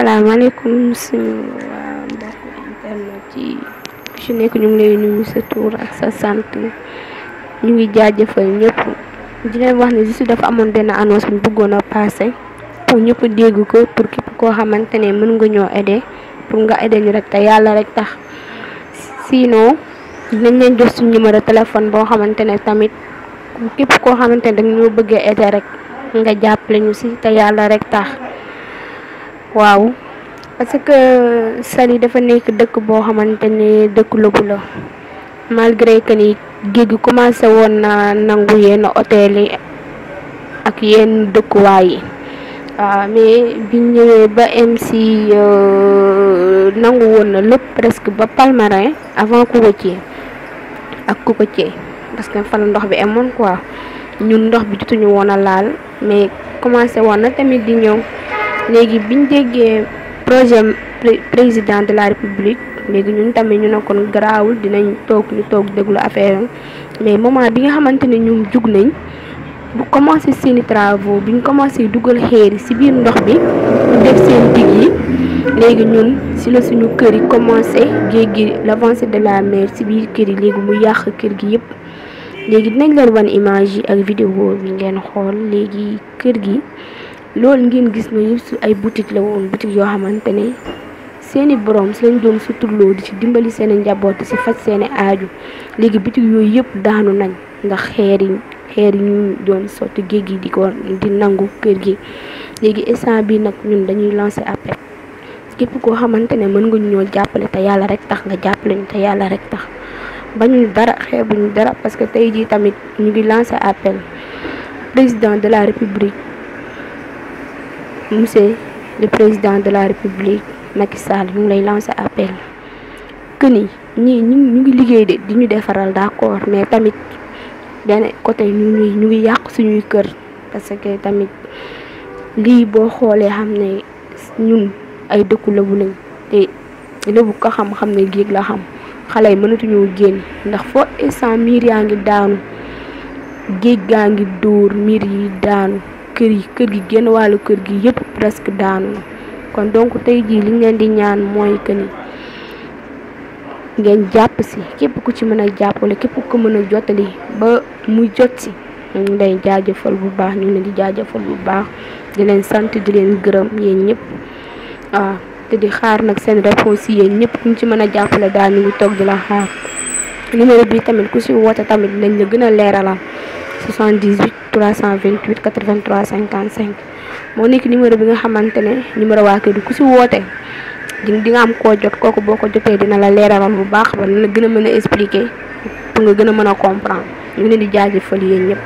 asalaamaaleykum suñu waa mbokk internet nekk ñu ngi lay nuyu sa tur ak sa sant ñu ngi jaajëfal ñëpp di leen wax ne juste dafa amoon benn annonce bu bëggoon a passé pour ñëpp dégg ko pour képp koo xamante ne mën nga ñoo aider pour nga aider ñu rek te yàlla rek tax sinon dinañ leen jox suñu numéro téléphone boo xamante ne tamit képp koo xamante ne dañ ñoo bëggee aider rek nga jàpp lañu si te yàlla rek tax. waaw parce que Saly dafa nekk dëkk boo xamante ne dëkk lëbu la malgré que ni géej gi commencé woon na nangu yenn hôtel yi ak yenn dëkkuwaay yi waaw ah, mais biñ ñëwee ba m MC euh, nangu woon na lépp presque ba Palmarin avant Koukothié ak Koukothié parce que fa ndox bi amoon quoi ñun ndox bi jotuñu woon a laal mais commencé woon na tamit di ñëw. léegi biñ déggee projet président de la république léegi ñun tamit ñu ne kon garaawul dinañ toog ñu toog déglu affaire mais moment bi nga xamante ne ñu jug nañ bu commencé seeni travaux biñ commencé dugal xeer yi ci biir ndox bi def seen dig yi léegi ñun si la suñu kër yi commencé géej gi l'avancée de la mer ci biir kër yi léegi mu yàq kër gi yépp léegi dinañ leen wan image yi ak vidéo bi ngeen xool léegi kër gi loolu ngeen gis na yëpp ay boutique la woon boutique yoo xamante ne seeni borom seen lañ doon suturloo di ci dimbali seeni njaboot di si faj seeni aaju léegi boutique yooyu yëpp daanu nañ ndax xeer yi xeer yi ñu doon sotti géej gi di ko di nangu kër gi léegi instant bi nag ñun dañuy lancer appel képp koo xamante ne mën nga ñoo jàppale te yàlla rek tax nga jàppale ñu te yàlla rek tax bañu dara xeebuñu dara parce que tey jii tamit ñu ngi lancer appel président de la république monsieur le président de la république Macky Sall ñu lay lancé appel que ni ñii ñu ngi liggéey de di ñu defaral d'accord mais tamit benn côté ñu ngi yàq suñuy kër parce que tamit lii boo xoolee xam ne ñun ay dëkku lëbu lañ te lëbu ko xam xam ne géej la xam xale yi mënatuñoo génn ndax foo instant miir yaa ngi daanu géej gaa ngi dóor miir yi daanu. kër yi kër gi génn wàllu kër gi yëpp presque daanu na kon donc tey jii li ngeen di ñaan mooy que ni ngeen jàpp si képp ku ci mën a jàppale képp ko mën a jottali ba muy jot si ñu jaajëfal bu baax ñu ngi leen di jaajëfal bu baax di leen sant di leen gërëm yéen ñëpp waaw ah, te di xaar nag seen réponse yi yéen ñëpp ñu ci mën a jàppale daal ñu ngi toog la xaar numéro bi tamit ku si woote tamit lañ la gën a leeralal 78. cent 328 cinquante 55 moo nekk numéro bi nga xamante ne numéro waa kër ku si woote di nga am koo jot kooku boo ko jotee dina la leeralal bu baax ba dina la gën a mën a expliquer pour nga gën a mën a comprendre ñu ne di jaajëfal yéen ñëpp.